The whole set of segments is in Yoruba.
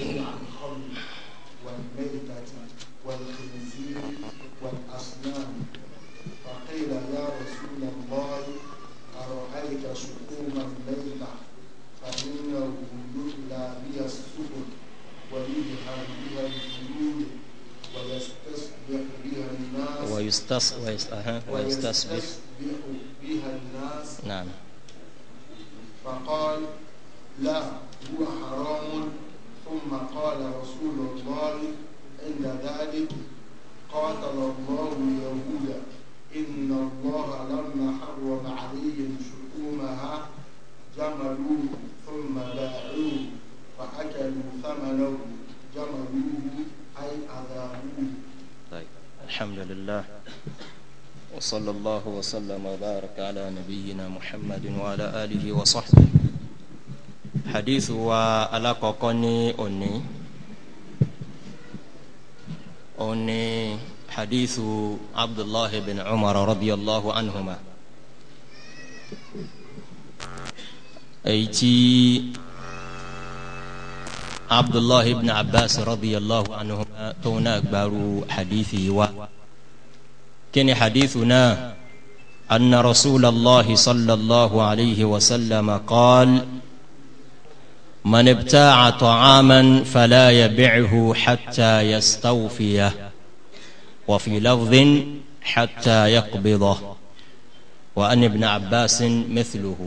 ينهى عن الخمر والميتة والخنزير والأصنام فقيل يا رسول الله أرأيت شحوم الميتة فإنه يؤلى بها السبل ويدهن بها الجنود ويستصبح بها الناس ويستص ويستصبح بها الناس نعم فقال لا قال الله اليهود إن الله لما حرم عليهم شؤومها جملوه ثم باعوه فأكلوا ثمنه جملوه أي أذابوه طيب الحمد لله وصلى الله وسلم وبارك على نبينا محمد وعلى آله وصحبه حديث وعلى قوقني أني أني حديث عبد الله بن عمر رضي الله عنهما ايتي عبد الله بن عباس رضي الله عنهما تونا أكبر حديثه و كان حديثنا أن رسول الله صلى الله عليه وسلم قال من ابتاع طعاما فلا يبعه حتى يستوفيه وفي لفظ حتى يقبضه وأن ابن عباس مثله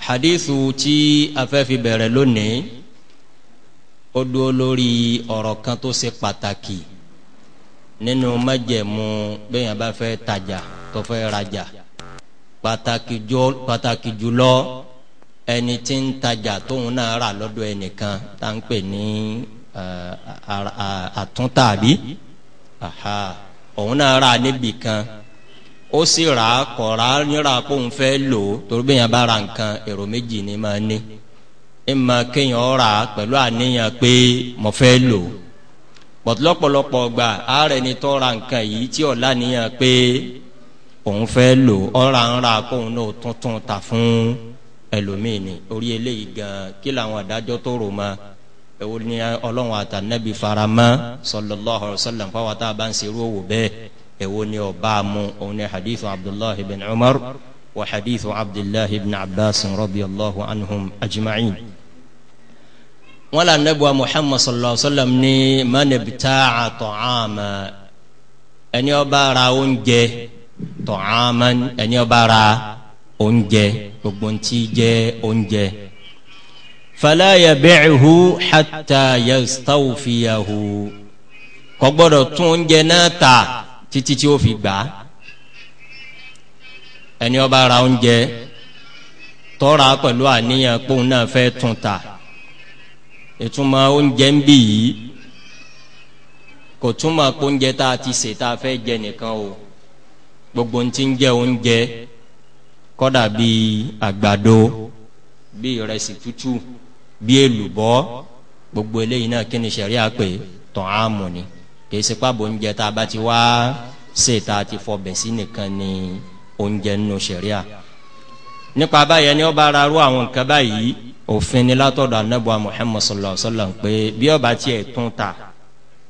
حديث تي أفافي بيرلوني أدو لوري أروكاتو سيباتاكي nínú májẹ̀mú bẹ́yàn bá fẹ́ tajà tó fẹ́ rajà pàtàkì jùlọ ẹni tí ń tajà tóun náà rà lọ́dọ̀ ẹnìkan tá ń pè ní Eh, eh, àtúntà àbí òun náà rà níbì kan ó sì rà á kọ̀ rà á nírà pé òun fẹ́ lò ó torí bẹ́ẹ̀ yẹn bá ra nǹkan èrò méjì ni máa ní ìmọ̀ kéèyàn rà á pẹ̀lú àníyàn pé mo fẹ́ lò ó pọ̀tulọ́pọ̀lọpọ̀ gbà ààrẹ ni tó ra nǹkan yìí tí ọ̀la níyàn pé òun fẹ́ lò ọ̀ra ń ra kóun náà tuntun ta fún ẹlòmíì ni orí eléyìí gan kí làwọn adájọ́ tó rò mọ́ ewu ni ọlọ́run àtànẹ́bí faramọ́ sallallahu alaihi wasallam fáwọn tá a bá ń serú owó bẹ́ẹ̀ ewu ni ọba mu òun ni hadithu abdullahi bin umar wa hadithu abdullahi bin abbas radiyallahu anhum ajma'in. wọn là nẹ́bùa muhammad sallallahu alaihi wasallam ní manibta'a ta'ama ẹni ọba ra oúnjẹ ta'aman ẹni ọba ra oúnjẹ gbogbo ntí jẹ oúnjẹ fala yabi'uhu hatta yastawfiyahu kò gbọ́dọ̀ tún oúnjẹ náà ta títí tí ó fi gbà á ẹni ó bá ra oúnjẹ tó rà pẹ̀lú àníyàn pé òun náà fẹ́ tún ta ìtumọ̀ oúnjẹ ń bì yìí kò túmọ̀ pé oúnjẹ tá a ti sè tá a fẹ́ jẹ nìkan o gbogbo ń ti ń jẹ oúnjẹ kọ́dà bíi àgbàdo bíi ìrẹsì tútù bí èlùbọ́ gbogbo eléyìí náà kí ni sẹ̀rí àpè tàn á mù ni kì í ṣe pàbò oúnjẹ tá a bá ti wá ṣe tá ti fọbẹ̀ sí nìkan ni oúnjẹ nínú sẹ̀rí à nípa báyẹn ni ó bá ara rú àwọn nǹkan báyìí òfin ni látọ̀dọ̀ anábọ̀ Muhammad sallallahu alaihi wasallam pé bí ó bá tiẹ̀ tún ta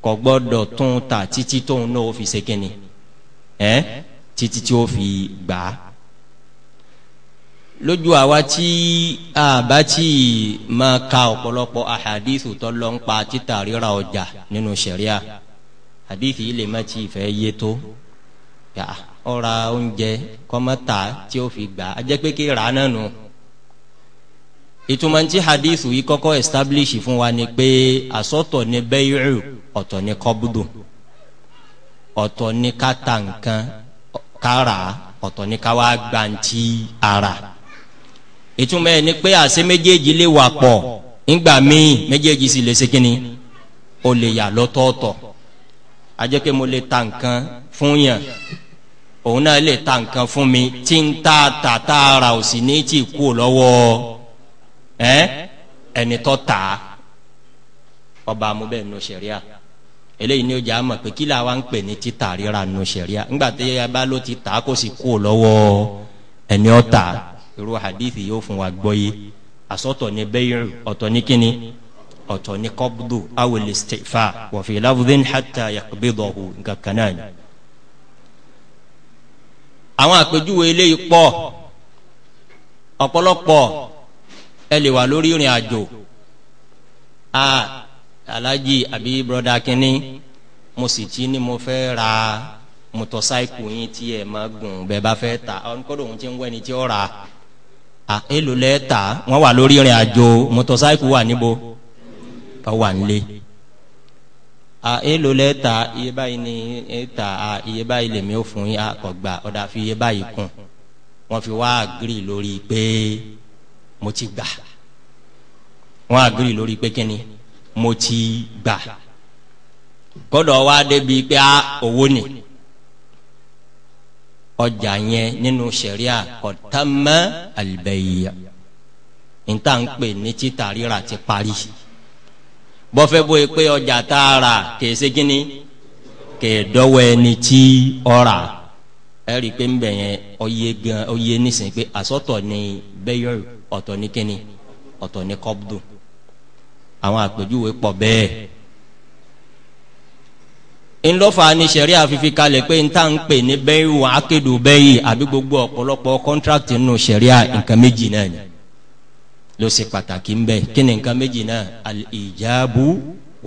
kò gbọ́dọ̀ tún ta títí tóun náà ó fi ṣe kíni ẹ́ títí tí ó fi gbà lójú àwa tí a bá tí máa ka ọ̀pọ̀lọpọ̀ àhàdíìsù tó lọ ń pa títà ríra ọjà nínú sẹ̀ríà àdíìsì yìí lè má tí ì fẹ́ yé tó ọ̀ra oúnjẹ kọ́mọ́tà tí ó fi gbà á jẹ́ pé kí rà á náà nù. ìtumọ̀ tí àdíìsù yìí kọ́kọ́ establish fún wa ni pé àsọ̀tọ̀ ni bẹ́yìrù ọ̀tọ̀ ni kọ́bùdù ọ̀tọ̀ ni ká ta nǹkan ká rà ọ̀tọ̀ ni ká wá gbanti ara. ìtumọ̀ ẹ̀ ni pé àṣẹ méjèèjì lè wà pọ̀ ńgbà míì méjèèjì sì lè ṣe kíni o lè yà lọ́tọ̀ọ̀tọ̀ ajẹ́ mo lè ta nǹkan fún yàn òun náà lè ta nǹkan fún mi tí ń ta tàtà ara ò sì ní kú lọ́wọ́ ẹni sẹ̀ríà eléyìí ni pé kí ń pè ní títà ti lọ́wọ́ ẹni irú hadithi yóò fún wa gbọ́ yé asọ́tọ̀ ni bẹ́yìn ọ̀tọ̀ ni kíni ọ̀tọ̀ ni kọ́bùdù awèlè stèfà wọ̀fì láfùdín hàtà yàgbẹ́dọ̀hù kankan náà ni. àwọn àpèjúwe eléyìí pọ̀ ọ̀pọ̀lọpọ̀ ẹ lè wà lórí ìrìn àjò a alhaji àbí broda kínní mo sì ti ni mo fẹ́ ra mọ́tọ́sáìkù yín tí ẹ máa gùn bẹ́ẹ̀ bá fẹ́ ta ọ̀nkọ́dọ̀ òun ti ń wẹ́ni tí ó rà á à èlò lẹ́ẹ̀ta wọ́n wà lórí ìrìn àjò mọ́tọ́sáìkù wà níbo ká wà nílé à èlò lẹ́ẹ̀ta iye báyìí ni ẹ̀ta à iye báyìí lèmi ò fún yín àkọ́gbà ọ̀dà fi iye báyìí kùn wọ́n fi wá àgírí lórí pé mo ti gbà wọ́n àgírí lórí pé kíni mo ti gbà kọ́dọ̀ wá débi pé owó ni ọjà yẹn nínú sẹ̀ríà ọ̀tàmọ́ àlùbẹ̀yìyà níta ń pè ní títà rírà ti parí bọ́fẹ́ bóyá pé ọjà tá a rà kèé ṣe kínní kèé dọ́wọ́ ẹni tí ọ rà ẹ rí i pé ń bẹ̀ yẹn ọyẹ gan ọyẹ nísìnyí pé àsọ̀tọ̀ ni bẹ́yọ̀ ọ̀tọ̀ ní kínní ọ̀tọ̀ ní kọ́bdù àwọn àpèjúwe pọ̀ bẹ́ẹ̀ ńlọ́fà ni sẹ̀rí àfifi kalẹ̀ pé n ta ń pè ní bẹ́ẹ̀ wà á kéde àbí gbogbo ọ̀pọ̀lọpọ̀ kọ́ńtrákìtì nù sẹ̀rí à méjì náà ni ló ṣe pàtàkì ń bẹ́ẹ̀ kí ni nǹkan méjì náà al-ijabu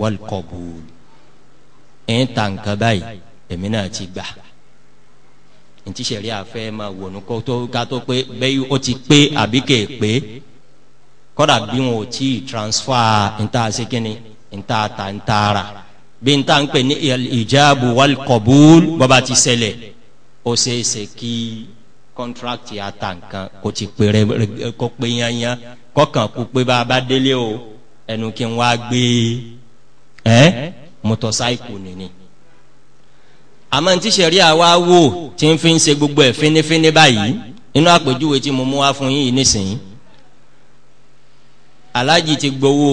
wal-qabul ń ta nǹkan báyìí èmi náà ti gbà ntí sẹ̀rí àfẹ́ máa wò ní kótó ká tó pé bẹ́ẹ̀ ó ti pé àbí kèé pé kọ́dà bí wọn ò tí transfer ń ta ṣe kí ni ń ta ta ń taara. Ta, bí n ta ń pè ní ìjáàbù wal qabul bọ́ba ti ṣẹlẹ̀ ó ṣeé ṣe kí kọ́ntrakì àtàǹkan kò ti pè rẹ kó pé yanyan kọ́kàn kó pé bá a bá délé o ẹnu kí n wá gbé ẹ́ mọ́tọ́sáìkù nìní. àmọ́ tí sẹ̀rí àwa wò tí n fi ń ṣe gbogbo ẹ̀ fínífíní báyìí inú àpèjúwe tí mo mú wá fún yín nísìnyí aláàjì ti gbowó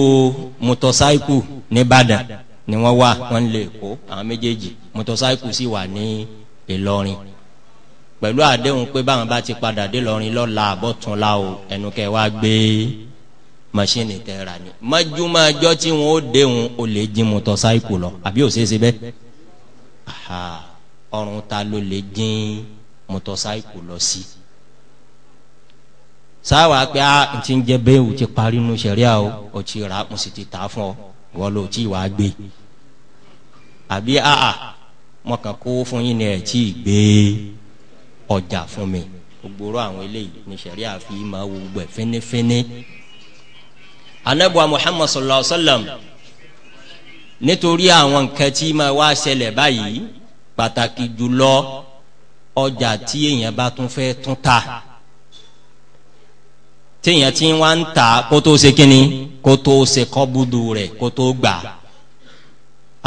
mọ́tọ́sáìkù ní Ìbàdàn ni wọ́n wà wọ́n lè kó àwọn méjèèjì mọ́tòsáìkù sì wà ní Ìlọrin pẹ̀lú àdéhùn pé báwọn bá ti padà dé lọrin lọ́la àbọ̀túnla o ẹnu kẹ wá gbé mọ́ṣíìnì tẹ ra ni mọ́júmọ́ ọjọ́ tí wọ́n ó déhùn o lè jí mọ́tòsáìkù lọ àbí ò ṣeéṣe bẹ́ẹ̀ ọrùn ta ló lè jí mọ́tòsáìkù lọ sí. sáwàá pé a ah, ti ń jẹ bẹ́ẹ̀ o ti parí nu sẹ̀ríà o o ti rà mo sì ti tà á fún ọ wọ́n ló tí wàá gbé àbí àà mo kàn kó fún yín ni ẹ̀ tí ì gbé ọjà fún mi gbogbo àwọn eléyìí ní sariya fi máa wo gbẹ fínífíní. anabuwa muhammad sallallahu alaihi wa sallam nítorí àwọn nǹkan tí máa wá ṣẹlẹ̀ báyìí pàtàkì jùlọ ọjà tí èèyàn bá tún fẹ́ tún ta téèyàn ti wá ń ta kó tó ṣe kínní kó tó ṣe kọ́búdù rẹ̀ kó tó gbà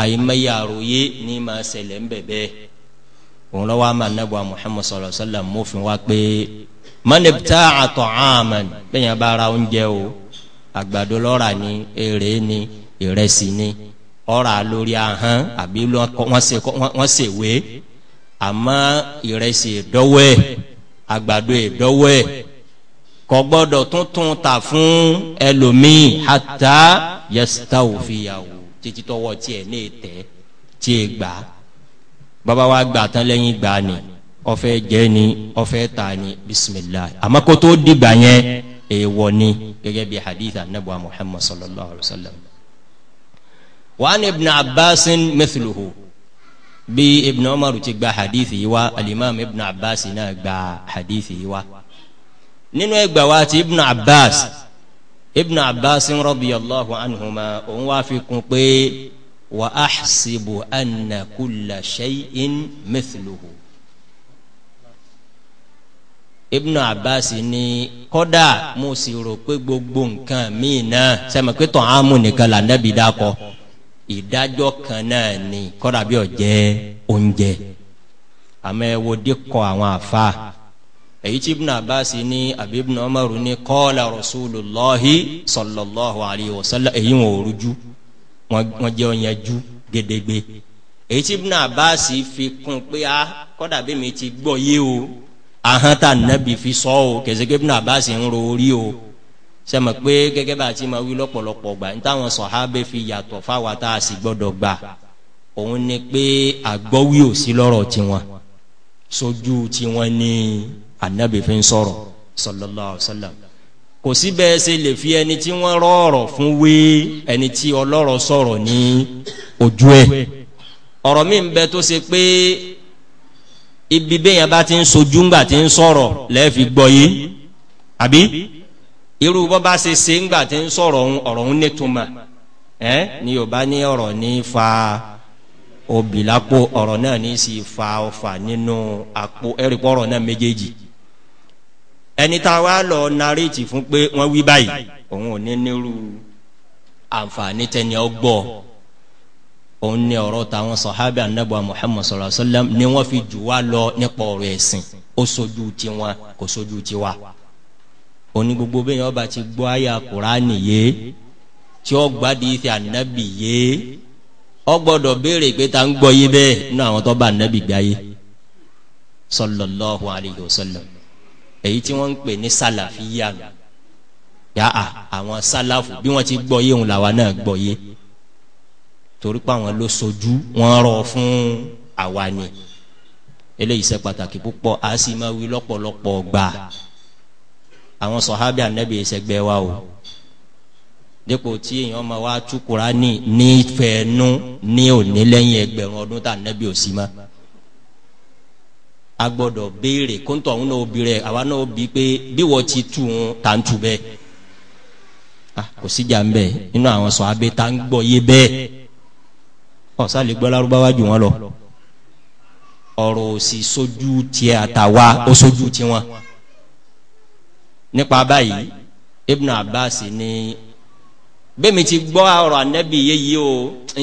àyèmáyà àròyé ní ma ṣẹlẹ̀ ń bẹ̀bẹ̀ òun lọ́wọ́ àmà nàbọ̀ Muhammad sallallahu alaihi wasallam mọ́fin wa pé mọ́nìbítà àtọ̀ àmàn bẹ́yẹn bá ra oúnjẹ o àgbàdo lọ́ra ni èrè ni ìrẹsì ni ọ̀rà lórí ahọ́n àbí wọ́n ṣèwé àmọ́ ìrẹsì ìdọ́wẹ́ àgbàdo ìdọ́wẹ́ kò gbọ́dọ̀ tún tún ta fún ẹlòmíì hàtà yẹsítàwò fìyàwó títí tọwọ́ tiẹ̀ ní tẹ̀ tí e gbà bàbá wa gbà tán lẹ́yìn gbà ni ọfẹ jẹ ni ọfẹ ta ni bisimilayi àmọ́ kó tó dìgbà yẹn èèwọ̀ ni gẹ́gẹ́ bí hadith anabu muhammad sallallahu alayhi wa sallam. wàhánì ibn abbas mithluhu bí ibn umar ti gba hadith yìí wá alimami ibn abbas náà gba hadith yìí wá nínú ẹgbà wa ti ibn abbas ibn abbas radiyallahu anhuma òun wá fi kún pé wa ahsibu anna kulla shay'in mithluhu ibn abbas ni kódà mo sì rò pé gbogbo nǹkan míì náà sẹ́mi pé tàn án nìkan là nẹ́bi dákọ̀ ìdájọ́ kan náà ni kódà bí ó jẹ́ oúnjẹ àmọ́ ẹ wo dé kọ àwọn àfa èyí tí ibùnà abasi ní àbí ibùnà ọmọrù ní kọ́ọ̀lá rasulillahi sallallahu alayhi wa sallam èyí wọn ò rújú wọn jẹ́ ọ̀yẹ́jú gedegbe èyí tí ibùnà abasi fi kún pé a kọ́dà bí mi ti gbọ́ yé o ahọ́n tá fi sọ o kẹsẹ́kẹ́ ibùnà abasi ń ro orí o sẹ́mi pé gẹ́gẹ́ bá a ti máa wí lọ́pọ̀lọpọ̀ gbà nítawọn sọ̀hábẹ́ fi yàtọ̀ fáwa tá anabi fi sallallahu alaihi wasallam kò sí bẹ́ẹ̀ ṣe lè fi ẹni tí wọ́n rọ̀rọ̀ fún wé ẹni tí ọlọ́rọ̀ sọ̀rọ̀ ní ojú ẹ̀ ọ̀rọ̀ mi ń bẹ tó ṣe pé ibi bẹ́yẹn bá ti ń sojú ńgbà tí ń sọ̀rọ̀ lẹ́ẹ̀fi gbọ́ yé àbí irú bọ́ bá ṣe ṣe ńgbà tí ń sọ̀rọ̀ ń ọ̀rọ̀ ń nítumọ̀ ẹ́ ni yorùbá ní ọ̀rọ̀ ní fa obì ọ̀rọ̀ náà ní sì fa ọfà nínú àpò ẹ̀rìpọ̀ ọ̀rọ̀ ẹni tá a wá lọ naréjì fún pé wọ́n wí báyìí òun ò ní nírú àǹfààní tẹni ọgbọ́ òun ní ọ̀rọ̀ táwọn sọ̀hábì anábọ̀ ni wọ́n fi jù wá lọ nípa ó sojú tiwọn kò sojú tiwa òní gbogbo bẹ́ẹ̀ ọba ti gbọ́ àyà kùránì yé tí ó gbádìí fi ànábì yé ọ gbọdọ béèrè pé ta ń gbọ́ yé bẹ́ẹ̀ nínú àwọn tó bá ànábì gbáyé èyí tí wọ́n ń pè ní sálàfíyà nù yà á àwọn sálàfù bí wọ́n ti gbọ́ yé òun làwa náà gbọ́ yé torí pé àwọn ló sojú wọ́n rọ fún àwa ni eléyìí ṣe pàtàkì púpọ̀ a sì máa wí lọ́pọ̀lọpọ̀ gbà àwọn sọ̀hábì ànábì ìṣẹ̀gbẹ́ wa o dípò tí èèyàn máa wá tú ní ìfẹ́ ẹnu ní òní lẹ́yìn ẹgbẹ̀rún ọdún tá ànábì ò máa a gbọ́dọ̀ béèrè kóńtò àwọn náà bí rẹ àwa náà bí pé bí wọ́n ti tù wọn tà ń tù bẹ́ẹ̀ ah, kò síjà ń bẹ nínú àwọn sọ abẹ tá ń gbọ́ yé bẹ́ẹ̀ ọ̀sán lè gbọ́ lárúbáwá jù wọ́n lọ ọ̀rọ̀ òsì sójú tiẹ̀ àtàwa ó sójú tiwọn nípa báyìí Ibn Abbas ní bẹ́ẹ̀mi ti gbọ́ ọ̀rọ̀ anẹ́bí yé yìí o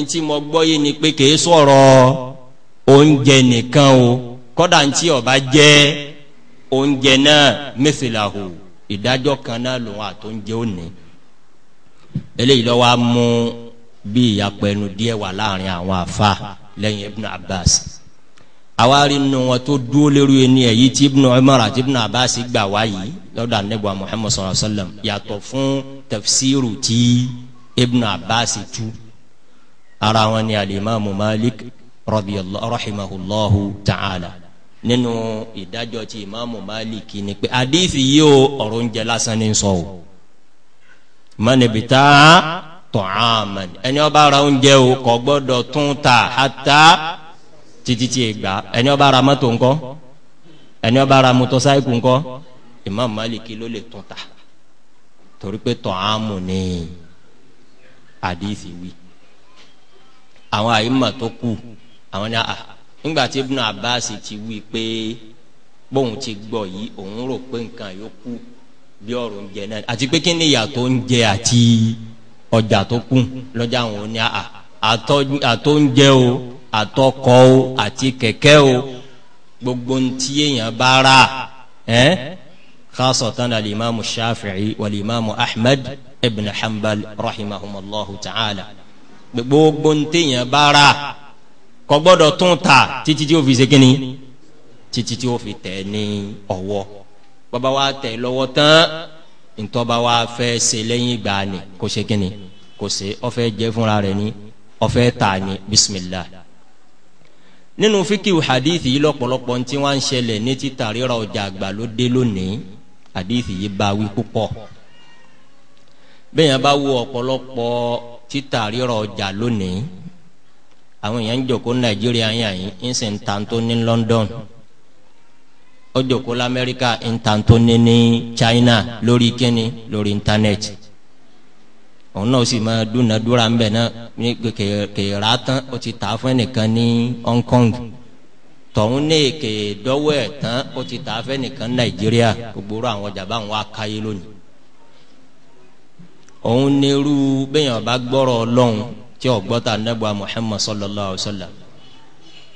ntí mo gbọ́ yé ni pé kìí sọ̀rọ̀ oúnjẹ nìkan o kọ́dà ń tí ọba jẹ́ oúnjẹ náà mẹ́sìláhù ìdájọ́ kan náà lòun àtúnjẹ òní eléyìí lọ́wọ́ á mú bí ìyapẹ̀nu díẹ̀ wà láàrin àwọn àfa lẹ́yìn ibn abbas awaari nu wọn tó dúró lérú ẹni ẹ yìí tí ibn umar àti ibn abbas gbà wá yìí lọ́dọ̀ anabiwa muhammad sallallahu alaihi wa sallam yàtọ̀ fún tafsiru ti ibn abbas tu ara wọn ni alimami malik rabi allah rahimahulahu ta'ala nínú ìdájọ́ ti ìmáàmù máàlìkì ni pé àdífì yìí o ọ̀rọ̀ oúnjẹ lásán ní sọ o mọ́nibìtá tọ̀hámàn ẹni ọba ara oúnjẹ o kò gbọ́dọ̀ tún ta ata títí tí ìgbà ẹni ọba ara mọ́tò ńkọ́ ẹni ọba ara mọ́tòsáìkù ńkọ́ ìmáàmù máàlìkì ló lè tún ta torí pé tọ̀hámù ni àdífì wí àwọn àyímọ̀ tó kù àwọn ni àà. Ah, nígbàtí Ibn Abbas ti wí pé bóun ti gbọ́ yìí òun rò pé nǹkan yòókù bí ọ̀rọ̀ oúnjẹ náà àti pé kí ni ìyàtọ̀ oúnjẹ àti ọjà tó kù lọ́jà àwọn oní àà àtọ̀ oúnjẹ o àtọkọ o àti kẹ̀kẹ́ o gbogbo ntí èèyàn bá rà ẹ́ khasatan alimami shafi'i walimami ahmed ibn hanbal rahimahumallahu ta'ala gbogbo ntí èèyàn bá rà kò gbọ́dọ̀ tún ta títí tí ó fi ṣe kíni títí tí ó fi tẹ̀ ní ọwọ́ bàbá wa tẹ̀ lọ́wọ́ tán ntọ́ba wa fẹ́ ṣe lẹ́yìn ìgbà ni kò ṣe kíni kò ṣe ọfẹ́ jẹ fúnra rẹ̀ ni ọfẹ́ ta ni bisimilah nínú fíkìw hadithi yìí lọ́pọ̀lọpọ̀ ntí wọ́n ń ṣẹlẹ̀ ní títà ríra ọjà ló dé lónìí hadithi yìí bá wí púpọ̀ bẹ́ẹ̀ yẹn bá wo ọ̀pọ̀lọpọ̀ títà ríra ọjà lónìí àwọn èèyàn ń jòkó nàìjíríà yàn yín ń sì ń ní London ó jòkó lamẹ́ríkà ń ta ní ní China lórí kíni lórí internet. òun náà sì máa dúnadúrà ń bẹ̀ náà ní kèèrà tán ó ti tà fún ẹnìkan ní Hong Kong tọ̀hún ní èkè dọ́wọ́ ẹ̀ tán ó ti tà á fún ẹnìkan nàìjíríà gbogbo àwọn ọjà báwọn wá káyé lónìí òun nírú bẹ́yàn bá gbọ́rọ̀ ọlọ́run tí ó gbọ́ta nẹ́gbà Muhammad sallallahu alaihi wasallam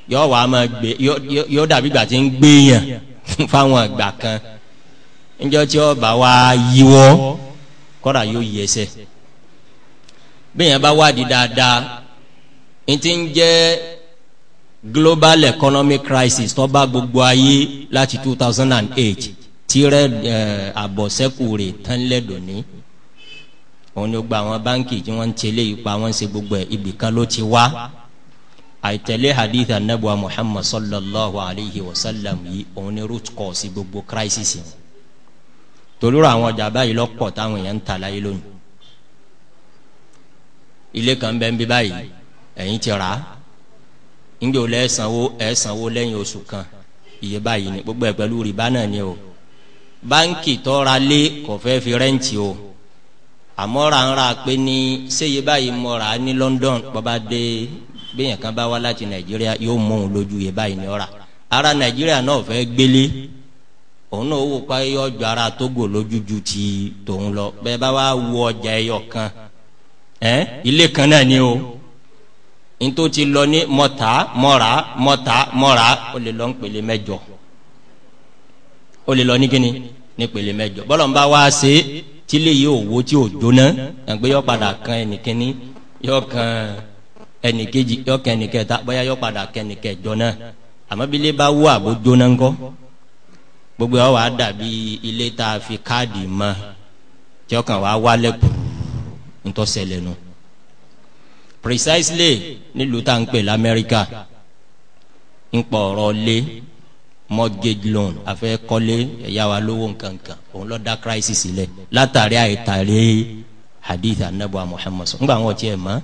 yóò wá máa gbé yóò dàbí ìgbà tí ń gbéyàn fáwọn àgbà kan níjọ́ tí ó bá wá yíwọ́ kọ́ra yóò yí ẹsẹ̀ bẹ́ẹ̀ bá wádìí dáadáa n ti ń jẹ́ global economic crisis tó bá gbogbo ayé láti two thousand and eight tí rẹ̀ àbọ̀sẹ́kù rẹ̀ tán lẹ́dọ̀ọ́ ní òun ló gba àwọn báńkì tí wọ́n ń tẹ̀lé ipa wọ́n ń ṣe gbogbo ẹ̀ ibì kan ló ti wá àìtẹ̀lé hadith anabuwa muhammad sallallahu alayhi wa sallam yìí òun ni root cause gbogbo crisis yìí tolúra àwọn ọjà báyìí lọ́pọ̀ táwọn èèyàn ń ta láyé lónìí ilé kan bẹ́ẹ̀ ń bí báyìí ẹ̀yin ti rà á ńgbè ó lẹ́ẹ̀sánwó ẹ̀ẹ́sánwó lẹ́yìn oṣù kan iye báyìí ni gbogbo ẹ̀ pẹ̀lú rìbá náà ni o báńkì tọ́ra lé kò fẹ́ fi rẹ́ǹtì o. àmọ́ra ń ra pé ní séye báyìí mọ́ra ní London bọ́ba dé bẹ́yẹn kan bá wá láti Nàìjíríà yóò mọ òun lójú yẹ báyìí ní ọ̀ra ara Nàìjíríà náà fẹ́ gbélé òun náà wò pa yọ ju ara Togo lójú ju ti tòun lọ bẹ́ẹ̀ bá wá wo ọjà ẹyọ kan ẹ ilé kan náà ni o ntó ti lọ ní mọ́ta mọ́ra mọ́ta mọ́ra ó lè lọ ń pèlè mẹ́jọ ó lè lọ ní kíni ní pèlè mẹ́jọ bọ́lọ̀ ń bá wá ṣe é. tí lè yí òwò tí ò jóná àgbẹ̀ yọ padà kan ẹnìkíní yọ kan ẹnìkejì yọ kan ẹnìkẹta bóyá yọ padà kan ẹnìkẹjọ náà bá wú àbó jóná gbogbo ya wàá dàbí ilé tá a fi káàdì mọ tí ọkàn wàá wálẹ̀ pùrù precisely nílùú lamẹ́ríkà mortgage loan afẹ́ kọ́lé ẹ̀yà wa nkankan òun lọ da crisis lẹ̀ látàrí àìtàrí hadith anabu muhammad sọ ńgbà wọn tiẹ̀ mọ́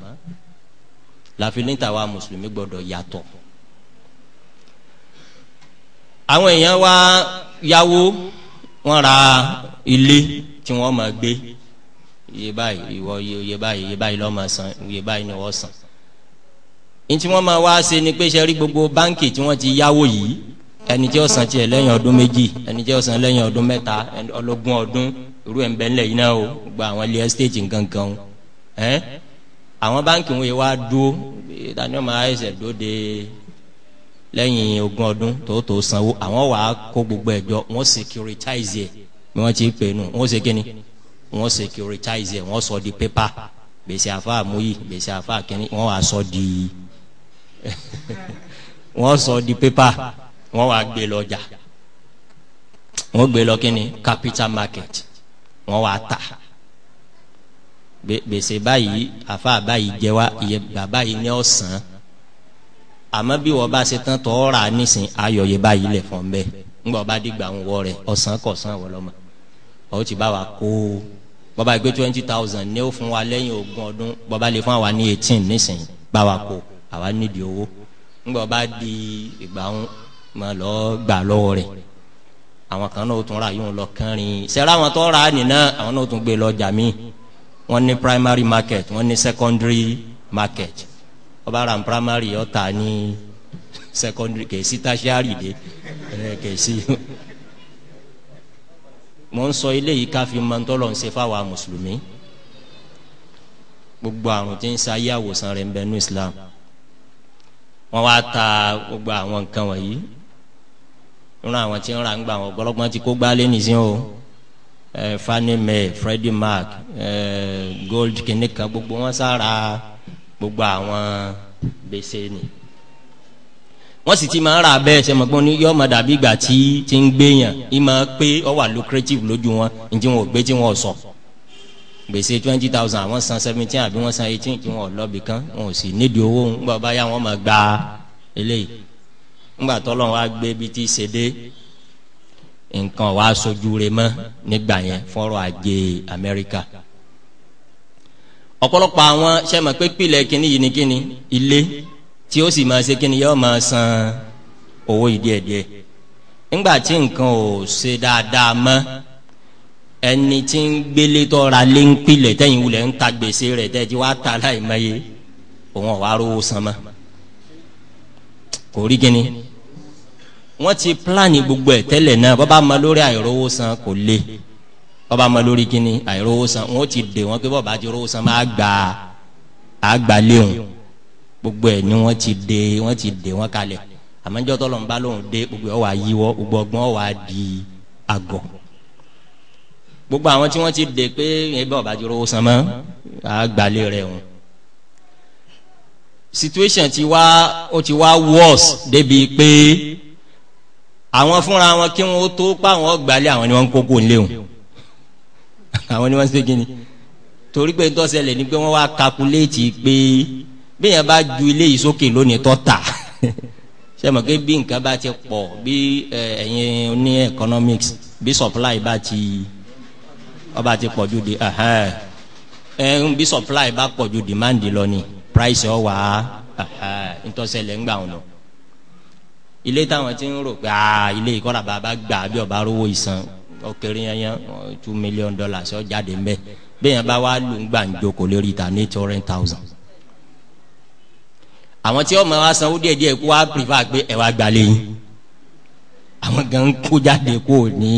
láfilẹ́ níta wa mùsùlùmí gbọ́dọ̀ yàtọ̀ àwọn èèyàn wa yáwó wọn ra ilé tí wọn máa gbé iye báyìí ìwọ iye báyìí iye báyìí lọ́ọ́ máa san iye báyìí ni wọ́n san ní tí wọ́n wá ṣe ni pé ṣe gbogbo báǹkì tí wọ́n ti yáwó yìí ẹni tí ó san tiẹ̀ meji, ọdún méjì ẹni tí ó san lẹ́yìn ọdún mẹ́ta ọlọ́gbọ̀n ọdún irú ẹ̀ ń bẹ ńlẹ̀ yìí náà o gba àwọn ilé ẹ́stéètì gangan ẹ́ àwọn báńkì wọn yìí wá dúó ìdáni ọmọ ẹsẹ̀ dóde lẹ́yìn ogún ọdún tòótò sanwó àwọn wàá kó gbogbo ẹ̀jọ wọ́n securitize ẹ̀ bí wọ́n ti pè nù wọ́n ṣe kíni wọ́n securitize ẹ̀ wọ́n sọ di pépà gbèsè àfa àmúyí gbèsè àfa kíní wọ́n wàá sọ di wọ́n sọ di pépà wọ́n wá gbé lọ ọjà gbé lọ kíni capital market wọ́n wá tà gbèsè báyìí àfa báyìí jẹ wá iye bàbá yìí ní ọ̀sán àmọ́ bí wọ́n bá ṣe tán tọ́ ra nísìn ayọ̀ yẹ báyìí lẹ̀ fọ́n bẹ́ẹ̀ ńgbọ́ bá dìgbà ń wọ rẹ̀ ọ̀sán kọ̀sán wọ lọ́mọ ọ̀ ti bá wa kó bọ́ba gbé twenty thousand ní ó fún wa lẹ́yìn ogún ọdún bọ́ba lè fún wa ní eighteen nísìn bá wa kó àwa nídìí owó ńgbọ́ bá di ìgbà ń má lọ gbà lọ́wọ́ rẹ̀ àwọn kan náà tún ra yóò lọ kẹrin sẹ́rẹ́ àwọn tó ra nìna àwọn náà tún gbé lọ jàmí wọ́n ní primary market wọ́n ní secondary market ọba ra primary ọ̀tà ní secondary kèsì tertiary de kèsì mò ń sọ ilé yìí káfí mọ́tọ́lọ́ ń ṣe fáwọn mùsùlùmí gbogbo àrùn tí ń sa ayé àwòsàn rẹ̀ ń bẹ ní Islam wọ́n wá ta gbogbo àwọn nǹkan wọ̀nyí ìran àwọn tí ń ra ń gbà wọn ọ̀pọ̀lọpọ̀ ti kó gbálé nìsín o Fannie Mae Freddie Mac gold kìnìkan gbogbo wọn sára gbogbo àwọn gbèsè ni wọ́n sì ti máa ń ra abẹ́ ẹsẹ̀ mọ̀gbọ́n ní yọ́ọ́ máa dàbí ìgbà tí ti ń gbéyàn ì máa pé ọ wà lucrative lójú wọn ní tí wọn ò gbé tí wọn ò sọ gbèsè twenty thousand àwọn san seventeen àbí wọ́n san eighteen tí wọn ò lọ́bì kan wọn ò sì nídìí owó ń gbọ́ báyà wọ́n máa gba eléyìí ńgbà tọ́lọ́run wá gbé bí ti ṣe dé nǹkan wàá sojú rẹ̀ mọ́ nígbà yẹn fọ́rọ̀ ajé Amẹ́ríkà ọ̀pọ̀lọpọ̀ àwọn sẹ́mi pé pilẹ̀ kínní yìí ni kínní ilé tí ó sì máa ṣe kínní yóò máa san owó yìí díẹ̀díẹ̀ nígbà tí nǹkan ò ṣe dáadáa mọ́ ẹni tí ń gbélé tọ́ra lé ń pilẹ̀ tẹ́yìn wulẹ̀ ń ta gbèsè rẹ̀ tẹ́tí wàá ta láì mọ́ yé òun ọ̀ rówó san mọ́ kò rí kínní wọ́n ti pílánì gbogbo ẹ̀ tẹ́lẹ̀ náà bọ́ bá ma lórí àìrówó san kò le bọ́ bá ma lórí kíni àìrówó san wọ́n ti dè wọ́n pé bọ́ bá ti rówó san máa gbà á gbà léhùn gbogbo ẹ̀ ni wọ́n ti dè wọ́n ti dè wọ́n kalẹ̀ àmọ́jọ́ tọ́lọ̀ ń bá lóhùn dé gbogbo ẹ̀ wà yíwọ́ gbogbo ọgbọ́n wà di àgọ̀ gbogbo àwọn tí wọ́n ti dè pé ẹ bọ́ bá ti rówó san mọ́ á gbà lé rẹ̀ hùn situation ti wá ó ti wá worse débi pé àwọn fúnra wọn kí wọn tó pa àwọn gbalẹ̀ àwọn ni wọn kókó léwọn àwọn ni wọn ṣe kí ni torí pé tó ni pé wọ́n wá kakuléètì pé bíyàn bá ju ilé yìí sókè lónìí tó tà ṣe mọ̀ pé bí nǹkan bá ti pọ̀ bí ẹ̀yin ní economics bí supply bá ti ọba ti pọ̀ ju di ẹ̀hún bí supply bá pọ̀ ju demand lọ ni price ọ̀ wá ntọ́sẹ̀lẹ̀ ń gbà wọn lọ ilé táwọn ti ń rò pé aa ah, ilé ìkọ́lá bàbá gbà bí ọba rówó ìsan ọkẹrẹ yẹn two million dollars ọ jáde mbẹ bẹ́ẹ̀ yẹn bá wà lù ń gbà ń jókòó lórí ìta ní two thousand àwọn tí ọmọ wa sanwó díẹ̀ díẹ̀ kó wa prefer pé ẹ wá gbalẹ̀ yín àwọn gan kó jáde kó ní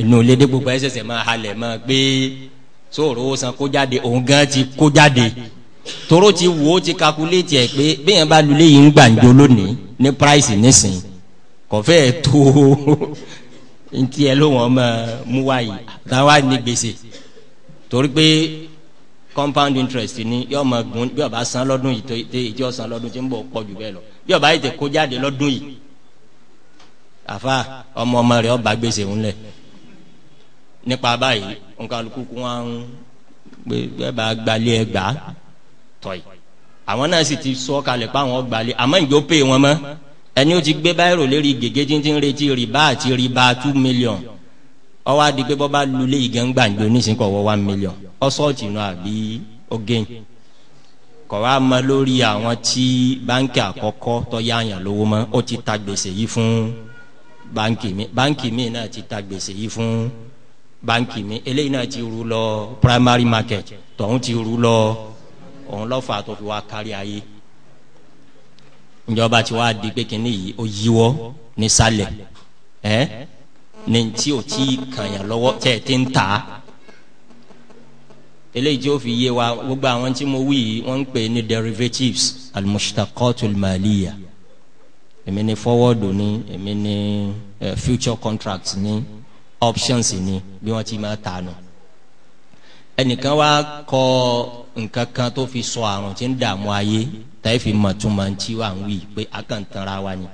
inú lédè gbogbo ẹ ṣẹ̀ṣẹ̀ máa halẹ̀ mọ́ pé sóòrò san kó jáde òun gan ti kó jáde toro ti wò ó ti kakuléètì ẹ pé bẹ́ẹ̀ yẹn bá lulẹ̀ yìí ń gbà ń jó lónìí ní price nísìnyí kọfẹ tó ntí ẹ ló wọn mọ mú wáyé táwa ní gbèsè torí pé compound interest ni yóò máa gùn bí ó bá san lọ́dún yìí tó ìdí ìdí ọ̀sán lọ́dún tí ń bọ̀ pọ̀ jù bẹ́ẹ̀ lọ bí ó bá yìí tẹ kó jáde lọ́dún yìí àfa ọmọ ọmọ rẹ̀ ó gbèsè ńlẹ̀ nípa báyìí nǹkan alùpùpù wọn gbé bá gbalẹ̀ ẹgbàá tọ̀yì àwọn náà sì ti sọ kalẹ̀ pé àwọn gbalẹ̀ àmọ́ ìjọ pé wọn mọ́ ẹni ó ti gbé báyìí lérí gègé títí ń retí rìbá àti rìbá two million ọwọ́ adi pé bọ́ba lulẹ̀ ìgẹ̀ngbàǹjọ nísìnyí kọ̀ wọ́ one million ọ̀sọ́ọ̀tì náà àbí ogin kọ̀ wá mọ lórí àwọn tí báńkì àkọ́kọ́ tó yá àyàn lówó mọ́ ó ti ta gbèsè yìí fún báńkì mi báńkì mi náà ti ta gbèsè yìí fún báńkì mi eléyìí náà ti rú lọ primary market tọ̀hún ti rú lọ òun lọ́fà tó fi wá kárí ayé ìjọba tí wàá di pé kínní yìí ó yíwọ́ nísàlẹ̀ ẹ́ ní tí ò tí kànyàn lọ́wọ́ tẹ́ ẹ ti ń tà á eléyìí tí ó fi yé wa gbogbo àwọn tí mo wí yìí wọ́n ń pè ní derivatives almushtaqatul maliya èmi ni forward ni èmi ni future contracts ni options ni bí wọ́n ti máa tà nù ẹnìkan wá kọ́ ọ nǹkan kan tó fi sọ àrùn tí ń dààmú ayé táyé fi mọ̀ tún máa ń tí wà ń wí pé a wa ni.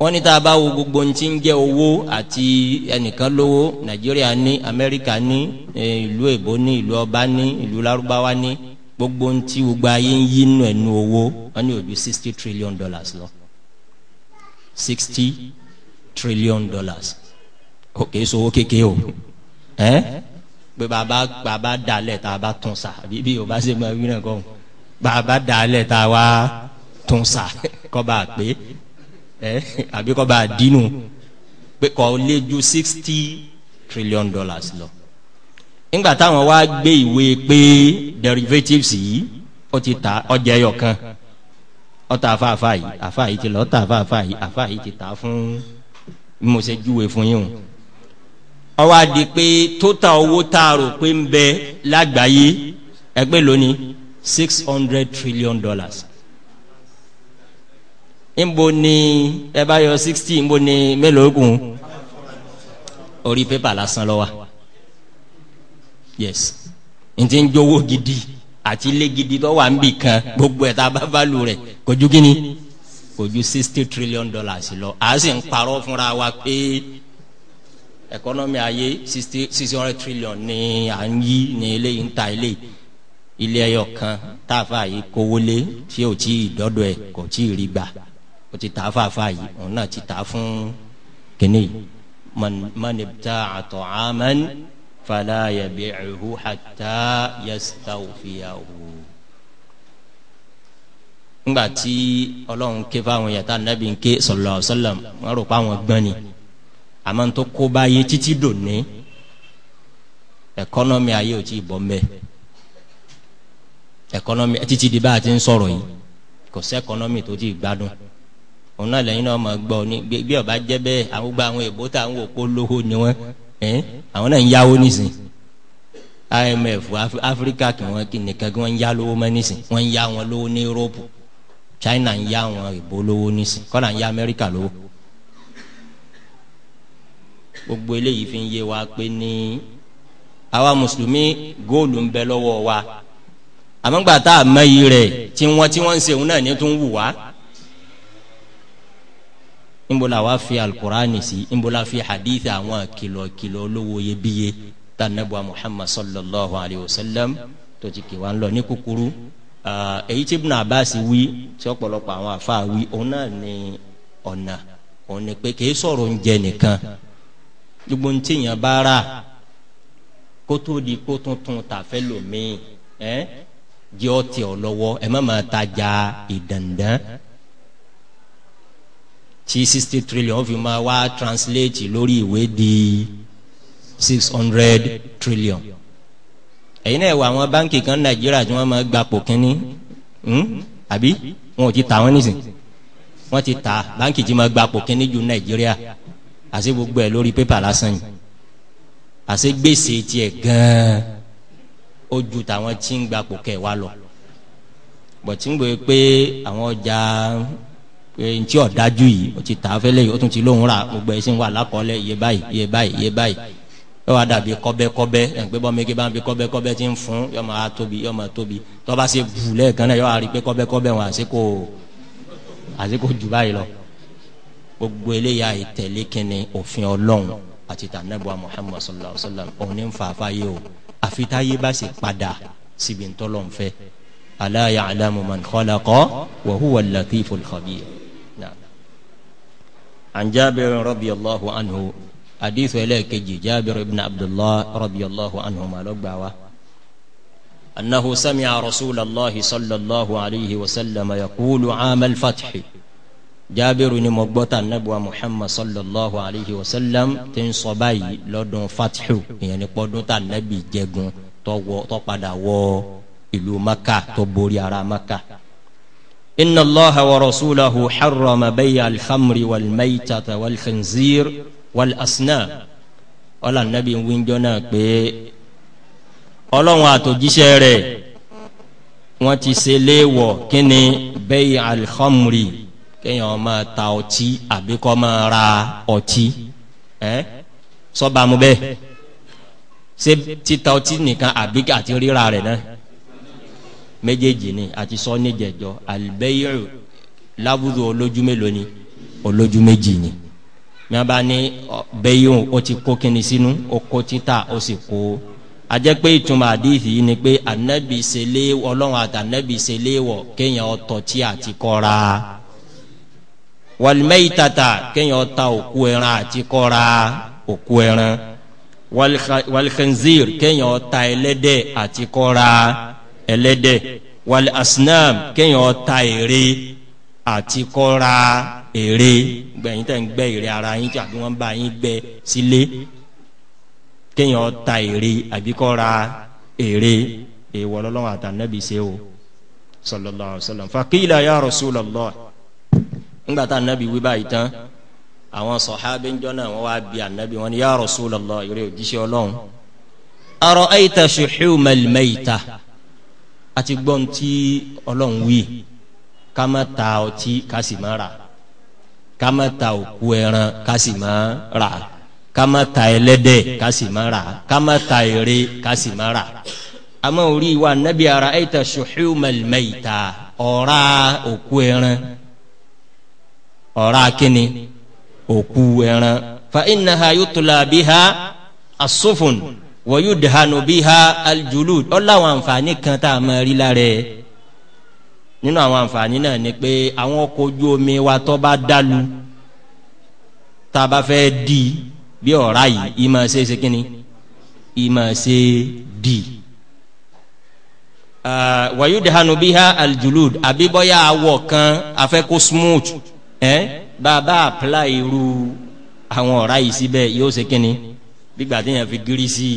wọ́n ní tá a bá wo gbogbo ní ti ń jẹ́ owó àti ẹnìkan lówó nàìjíríà ní amẹ́ríkà ní ìlú èbó ní ìlú ọba ní ìlú lárúbáwá ní gbogbo ní ti gbogbo ayé ń yí nù ẹnu owó wọ́n ní ojú sixty trillion dollars lọ sixty trillion dollars òkè sọ owó kékeré o pé bàbá bàbá dalẹ̀ tá a bá tún sa bí o bá ṣe máa wí náà kọ́ bàbá dalẹ̀ tá a wá tún sa kọ́ bá a pé ẹ àbí kọ́ bá a dínú pé kọ́ lé ju sixty trillion dollars lọ nígbà táwọn wá gbé ìwé pé derivatives yìí ó ti ta ọjà ẹyọ kan ọta afáàfáà yìí afáà yìí ti lọ ọta afáàfáà yìí afáà yìí ti ta fún mo ṣe júwe fún yín o ọwọ́ adi pé tóta owó tá a pé ń bẹ lágbàáyé ẹgbẹ́ lónìí six hundred trillion dollars nbo ni ẹ bá yọ sixty nbo ni mélòó kù orí pépà lásán lọ wa yes n ti ń jowó gidi àti ilé gidi tó wà níbì kan gbogbo ẹ̀ tá a bá bálù rẹ̀ kò ju kí sixty trillion dollars lọ à á sì ń parọ́ fúnra wa pé ẹkọnọmi ayé sixty six hundred trillion ní à ń yí ní eléyìí ń ta eléyìí ilé ẹyọ kan táàfà yìí kówó lé tí ò tí ì dọdọ ẹ kò tí ì rí gbà ó ti tà fàáfà yìí òun náà ti tà fún kínní mọ̀nìbítà àtọ̀ àmọ́n fàlà yẹ̀bẹ̀ ẹ̀hú hàtà yẹ̀sítà òfìyàwó. ńgbà tí ọlọ́run ké fáwọn yàtá nàbí ké sallallahu alaihi wasallam rò pa àwọn gbọ́n ni. Amanto tó kó báyé títí dòní ẹ̀kọ́nọ́mì ayé ò tí ì bọ́ mbẹ́ ẹ̀kọ́nọ́mì títí di bá a ti ń sọ̀rọ̀ yìí kò sí ẹ̀kọ́nọ́mì tó ti gbádùn òun náà lẹ́yìn náà máa gbọ́ ní bí ọba jẹ́ bẹ́ẹ̀ àwọn gba àwọn èbó tá à ń wò kó lówó ni wọ́n àwọn náà ń yáwó nísìn IMF Áfíríkà kì wọ́n nìkan kí wọ́n ń yá lówó mọ́ nísìn wọ́n ń yá wọn lówó ní Yúróòpù China ń yá wọn èbó lówó nísìn kọ́nà ń yá Amẹ́ríkà lówó gbogbo eléyìí fi ń yé wa pé ní àwa mùsùlùmí góòlù ń bẹ lọ́wọ́ wa àmọ́gbà tá a mọ iyì rẹ̀ tí wọ́n tí wọ́n ń ṣe òun náà ní tó ń wù wá. níbo la wá fi alukur'ani sí níbo la fi hadith àwọn kìlọ̀kìlọ̀ olówó iyebíye tá a nẹ́bùa muhammad sallallahu alayhi wa sallam tó ti kì wá ń lọ ní kúkúrú èyí tí ibùnà abasi wí tí ọ̀pọ̀lọpọ̀ àwọn àfa wí òun náà ní ọ̀nà òun ni pé kì í sọ̀rọ̀ oúnjẹ nìkan gbogbo ntí yẹn bá rà kótó di kó tuntun tàfẹ́ lòmíì ẹ́ jẹ́ ọ tẹ̀ ọ lọ́wọ́ ẹ má máa tajà ìdàndàn tí sixty trillion fi máa wá translate lórí ìwé di six hundred trillion ẹ̀yin náà wà àwọn báńkì kan nàìjíríà tí wọ́n máa gbapò kínní hmm, àbí wọn ò ti tà wọ́n nísìn wọ́n ti tà báńkì tí máa gbapò kínní ju nàìjíríà àṣẹ gbogbo ẹ̀ lórí pépà lásán yìí àṣẹ gbèsè tiẹ̀ gan-an ó ju tàwọn tí ń gbapò kẹ̀ wá lọ bọ̀tí ń gbé pé àwọn ọjà pé ntí ọ̀dájú yìí ó ti tà á fẹ́lẹ́ yìí ó tún ti lóhùn rà gbogbo ẹ̀ sì ń wà lákọọ́lẹ̀ iye báyìí iye báyìí iye báyìí yóò wá dàbí kọ́bẹ́kọ́bẹ́ ẹ̀ ń pé bọ́ meke bá ń fi kọ́bẹ́kọ́bẹ́ ti ń fún yóò máa tóbi yóò máa tóbi tó bá ṣe bù lẹ́ẹ̀kan náà yóò wá rí i pé kọ́bẹ́kọ́bẹ́ wọn àṣekò àṣekò jù báyìí lọ gbogbo eléyà ìtẹ̀lé kínní òfin ọlọ́run àti tànàbọ̀ muhammad sallallahu alayhi wa sallam òun ní nfààfà yìí o àfitáyé bá sì padà síbi ntọ́lọ̀ nfẹ́ ala ya'lamu man khalaqa wa huwa al-latiful khabir. an jabir radiyallahu anhu hadith ẹlẹ́ẹ̀kejì jabir ibn abdullah radiyallahu anhu màlúgbà wa. أنه سمع رسول الله صلى الله عليه وسلم يقول عام الفتح jaabiru ni mo gbọ́ ta nabuwa muhammad sallallahu alayhi wa sallam ti ń sọ báyìí lọ́dún fatihu ìyẹn ni pọ́dún ta nabi jẹgun tó padà wọ ìlú maka tó borí ara maka. inna allah wa rasulahu harrama bayya alhamri wal maitata wal khinzir nabi ń wíjọ náà pé ọlọ́run àtòjíṣẹ́ rẹ̀ ti ṣe léèwọ̀ kíni bayya alhamri kéèyàn máa ta ọtí àbí kọ́ máa ra ọtí ẹ sọba mu títa ọtí nìkan àbí àti ríra rẹ̀ náà méjèèjì ni àti sọ níjẹjọ àlùbẹ́yìrì lábùdó olójú mélòó ni olójú méjì ni mi a bá ní bẹ́yìrì ó ti kó kíni sínú ó kó títà ó sì kó ajẹ́ pé ìtumọ̀ àdìsí yìí ni pé anabi ṣe lé ọlọ́run àti anabi ṣe wọ̀ kéèyàn ọtọ̀ tí àti kọ́ra wàlmẹ́yìtàtà kéèyàn ta òkú ẹran àti kọ́ra òkú ẹran wàlxẹ̀nzìr kéèyàn ta ẹlẹ́dẹ̀ àti kọ́ra ẹlẹ́dẹ̀ wàlásnàm kéèyàn ta èrè àti kọ́ra èrè gbẹ̀yìn tẹ̀ ń gbẹ́ èrè ara yín tí àbí wọ́n bá yín gbẹ sílé kéèyàn ta èrè àbí kọ́ra èrè èèwọ̀ lọ́lọ́run àtànẹ́bí ṣe o sallallahu alaihi wasallam faqila ya rasulallah ńgbà tá anabi wí báyìí tán àwọn sọ̀hábí ń jọ́ náà wọ́n wá bí anabi wọn ni ya Rasulullah ìrẹ́ òjíṣẹ́ ọlọ́run ara'ayta shuhumal mayta àti gbọ́n tí ọlọ́run wí ká má ta ọtí ká sì má rà ká má ta òkú ẹran ká sì má rà ká má ta ẹlẹ́dẹ̀ ká sì má rà ká má ta ère ká sì má rà àmọ́ orí wa anabi ara'ayta shuhumal mayta ọ̀rá ọ̀rá kínni òkú ẹran fa innaha yutla biha asufun wa yudhanu biha aljulud ọ̀làwọn àǹfààní kan tá a máa rí lára ẹ̀ nínú àwọn àǹfààní náà ni pé àwọn ọkọ̀ ojú omi wa tó bá dálu tá a bá fẹ́ di bí ọ̀rá yìí ìmọ̀ ṣe ṣe kínni ìmọ̀ ṣe di. Uh, wàyúdìhánu bíhá aljulud àbí bọ́yá awọ kan afẹ́ kó smooth ẹ́ bàbá àpìlà irú àwọn ọ̀rá yìí síbẹ̀ yóò ṣe kíni gbígbà tí yẹn fi gírísì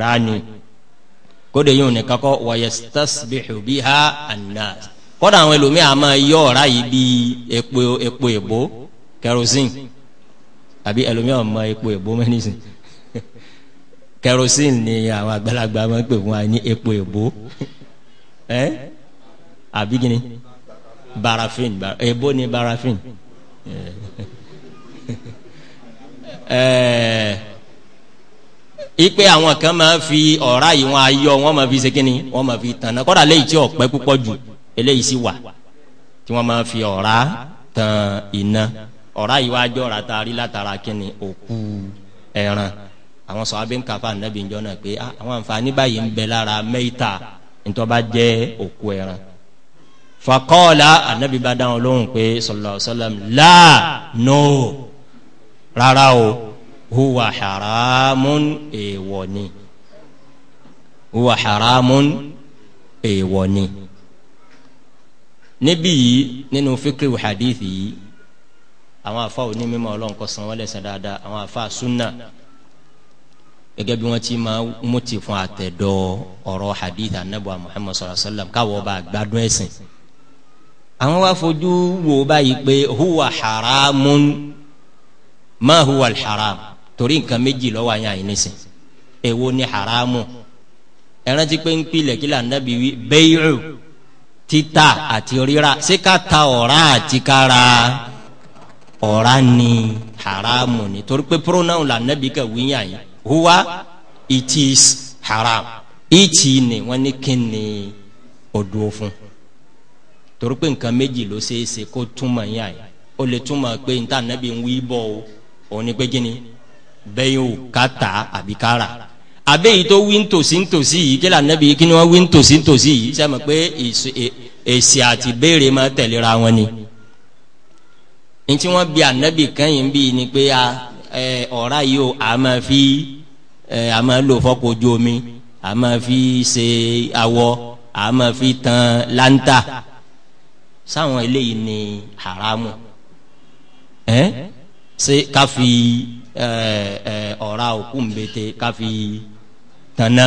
rà ni kóde yóò ní kakọ́ wayastasbihu biha annas kódà àwọn ẹlòmíà máa yọ ọ̀rá yìí bí epo epo èbó kerosene àbí ẹlòmíà máa epo èbó mẹ́nìsìn kerosene ni àwọn àgbàlagbà máa ń pè fún wa ní epo èbó ẹ́ àbí kíni barafin ẹbọ ni barafin eh, ipe àwọn kan máa fi ọ̀rá yìí wọn ayọ wọn máa fi ṣe kíni wọn máa fi tànà kọ́dà léyìí tí ọ̀pẹ́ púpọ̀ jù eléyìí sì wà tí wọ́n máa fi ọ̀rá tan iná ọ̀rá yìí wáá jọ ọ̀rá ta rí látara kíni òkú ẹran àwọn sọ abẹ́ ń kàfa ànábìnjọ́ náà pé ah, àwọn àǹfààní báyìí ń bẹ lára mẹ́ta ntọ́ bá jẹ́ òkú ẹran fàkọ́ọ̀lá ànábì bá dáhùn lóhùn pé sallallahu alaihi wasallam láà no rárá o huwa haramun èèwọ̀ ni huwa haramun èèwọ̀ ni níbí yìí nínú fíkìrì hadithi yìí àwọn afa òní mímọ Ọlọ́run kó san wọ́n lẹ́san dáadáa àwọn afa sunna gẹ́gẹ́ bí wọ́n ti máa mú ti fún àtẹ̀dọ̀ ọ̀rọ̀ hadith anabu muhammad sallallahu alaihi wa sallam káwọ́ bá gbádùn ẹ̀sìn àwọn wá fojú wo báyìí pé huwa haramun ma huwa haram torí nǹkan méjì lọ́wọ́ àyàn àyìnísìn èwo ni haramu ẹran ti pé ń pilẹ̀ kí lànàbí wí bẹ́ẹ̀rù títà àti rírà ṣé ká ta ọ̀rá àti ká ọ̀rá ni haramu ni torí pé pronoun lànàbí kẹ wíyàn yìí huwa it is haram ìtì ni wọ́n ní kí ni odò fún torí pé nǹkan méjì ló ṣeé ṣe kó túmọ̀ yá yìí ó lè túmọ̀ pé níta nàbí ń wí bọ̀ o òun ni pé kí ni bẹ́ẹ̀ o ká tà àbí ká rà àbẹ́ yìí tó wí ntòsí ntòsí yìí kí lànàbí kí ni wọ́n wí ntòsí ntòsí yìí sẹ́mi pé èsì àti béèrè máa tẹ̀léra ni ntí wọ́n bi ànàbí kan yìí bí ni pé ọ̀rá yìí o a máa fi a máa lò fọ́kọ̀ ojú omi a máa fi ṣe awọ a máa fi tan láńtà sáwọn eléyìí ni haramu ẹ ṣe káfi ẹ ẹ ọ̀ra òkú mbete káfi tanná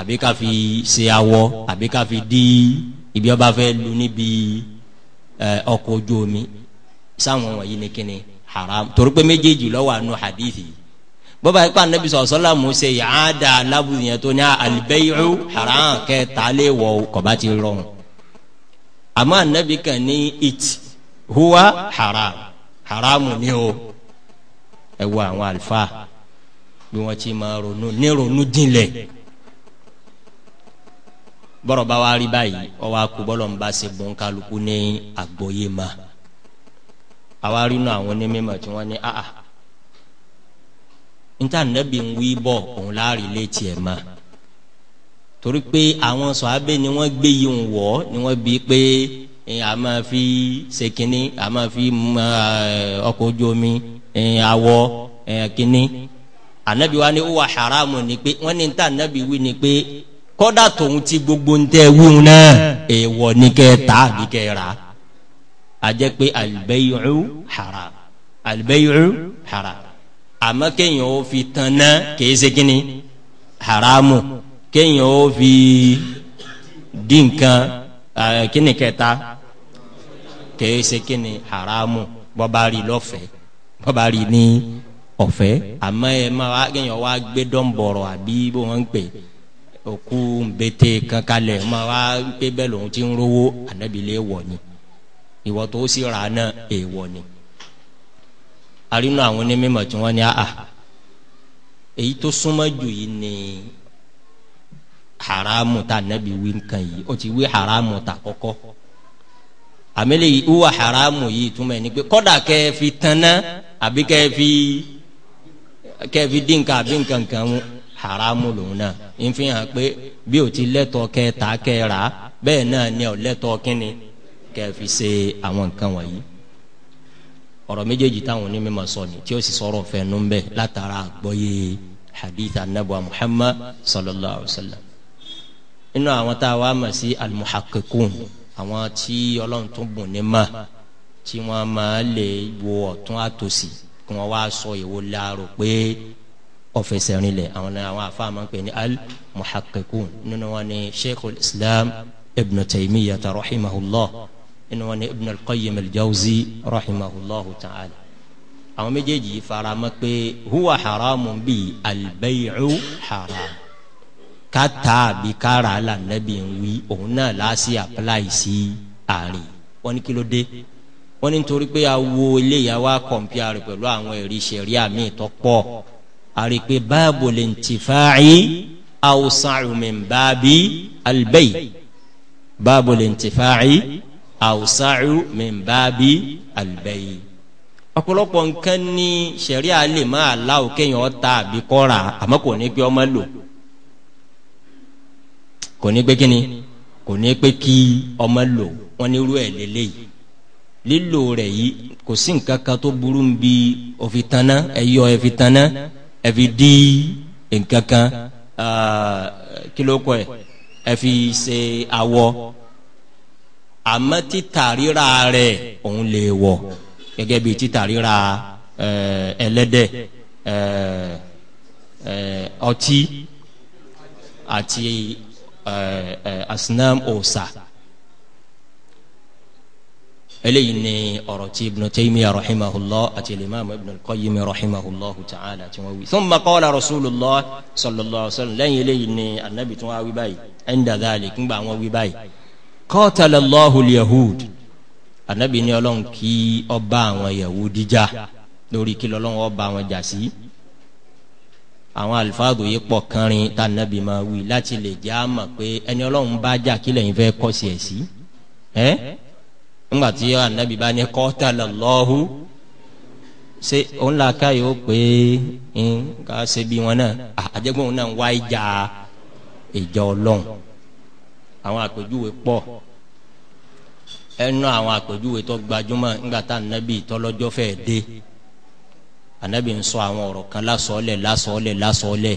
àbí káfi ṣe awọ àbí káfi dí ibi ọba fẹ́ lu níbi ẹ ọkọ̀ ojú omi sáwọn wọ̀nyí ni kíni haram torí pé méjèèjì ló wà nù hadithi bọ́bá yìí kó anabi sọ̀rọ̀ sọ́la mú ṣe yàá da alábùyẹn tó ní alibẹ́yìí haram kẹ́ ta lé wọ̀ kọ́ba ti rọrùn àmọ́ anabi kan ní it huwa haram haramu ni o ẹ wo àwọn àlùfáà bí wọ́n ti máa ronú ní ronú jinlẹ̀ bọ́rọ̀ bá wa rí báyìí ọwọ́ akubọ́lọ̀ ń bá ṣe bọ́n kálukú ní àgbọ́yé ma àwa rí nu àwọn onímọ̀ tí wọ́n ní àà níta nẹ́bí ń wí bọ̀ òun láàrin létí ẹ̀ máa torí pé àwọn sọ̀hábẹ́ ni wọ́n gbé yìí wọ̀ ni wọ́n bi pé a máa fi ṣe kínní a máa fi ọkọ̀ ojú omi awọ kínní anabi wa ni ó wà haramu ni pé wọ́n ní ta anabi wí ni pé kọ́dà tòun ti gbogbo ń tẹ́ wíwù náà èèwọ̀ ní kẹ́ ta àbí kẹ́ ra a jẹ́ pé albayu hara albayu hara àmọ́ kéèyàn ó fi tan náà kèé ṣe kínní haramu. haramu. kéèyàn ó fi di nǹkan kíni kẹta kèé ṣe kíni haramu bọ́ba rí lọ́fẹ̀ẹ́ bọ́ba rí ní ọ̀fẹ́ àmọ́ ẹ má wá kéèyàn wá gbé dọ́nbọ̀rọ̀ àbí bó ń pè òkú nbètè kankanlẹ̀ má wá pé bẹ́ẹ̀ lòun ti ń rówó ànábìlẹ̀ wọ̀ ni ìwọ tó sì rà èèwọ̀ ni àwọn onímọ̀ tí wọ́n ní àà èyí haramu ta anabi wí nǹkan yìí ó ti wí haramu ta kọ́kọ́ àmẹ́lẹ̀ yìí wúwa haramu yìí túmọ̀ ẹni pé kọ́dà kẹ́ ẹ fi tanná àbí kẹ́ fi kẹ́ fi dín nǹkan àbí nǹkan kan haramu lòun náà ń fi hàn pé bí o ti lẹ́tọ̀ kẹ́ ta kẹ́ ẹ rà bẹ́ẹ̀ ni ọ lẹ́tọ̀ kínni kẹ́ ẹ fi ṣe àwọn nǹkan wọ̀nyí ọ̀rọ̀ méjèèjì táwọn onímọ̀ sọ ni tí ó sì sọ̀rọ̀ fẹ́ẹ́ nú bẹ́ẹ̀ látara àgbọ́yé hadith anabu muhammad sallallahu alayhi wa sallam inú àwọn tá a wá mọ̀ sí al-muhakkikun àwọn tí ọlọ́run tún bùn ní mà tí wọ́n máa lè wo ọ̀tún àtòsí kí wọ́n wá sọ ìwo láàrò pé ọ̀fẹsẹ̀rin lẹ̀ àwọn àwọn àfáà máa ń pè ní al nínú wọn ni sheikhul islam ibn taymiyyah rahimahullah nínú wọn ni ibn al-qayyim rahimahullah ta'ala àwọn méjèèjì fara mọ́ pé huwa haramun bíi al-bay'u kátà àbí kára lànàbí ń wí òun náà láàsì apply sí àárín wọn ní kí ló dé wọn ní nítorí pé a wo eléyà wa kọ̀ǹpìà rẹ̀ pẹ̀lú àwọn ẹ̀rí sẹ̀ríà míì tó pọ̀ àrí pé báàbò lè ń ti fáyé awsa'u min báàbí albay báàbò lè ń ti fáyé awsa'u min báàbí albay ọ̀pọ̀lọpọ̀ nǹkan ní sẹ̀ríà lè máa láwù kéèyàn kò ní pé kíni kò ní pé kí ọmọ lò wọn ní irú ẹ lélẹyìí lílò rẹ yìí kò sí nǹkan kan tó burú bí òfin tanná ẹyọ ẹfin tanná ẹfi dí nǹkan kan kilo kọ ẹ ẹfi ṣe awọ àmọ́ títà ríra rẹ òun lè wọ gẹ́gẹ́ bí títà ríra ẹlẹ́dẹ̀ ọtí àti Eh, eh, asinam ọ̀sà eléyìí ni ọ̀rọ̀ tí ibn taymiya rahimahullah àti imaamu ibn al-qayyim rahimahullah ta'ala tí wọ́n wí. thumma qala rasulillah sallallahu alayhi wa sallam lẹ́yìn eléyìí ni anabi tí wọ́n wí báyìí inda dhalik ń gbà wọ́n wí báyìí. qatala yahud anabi ni ọlọ́run kí ọba àwọn yahudi jà lórí kí lọ́lọ́run ọba àwọn àwọn alifáàdù yìí pọ̀ kánrin tá nabi ma máa wí láti lè já ama mọ̀ pé ẹni ọlọ́run bá jà kí lẹ́yìn fẹ́ kọ́ sí ẹ̀ sí ẹ́ ńgbà anabi bá ní kọ́tà lọ́hù ṣe òun là ká yóò pé ká ṣe bí wọn náà àjẹgbọ́n òun náà ń wá ìjà ìjà ọlọ́run àwọn àpèjúwe pọ̀ ẹnu àwọn àpèjúwe tó gbajúmọ̀ ńgbà anabi tọ́lọ́jọ́ fẹ́ dé. anabi ń sọ àwọn ọ̀rọ̀ kan lásọ̀ọ́lẹ̀ lásọ̀ọ́lẹ̀ lásọ̀ọ́lẹ̀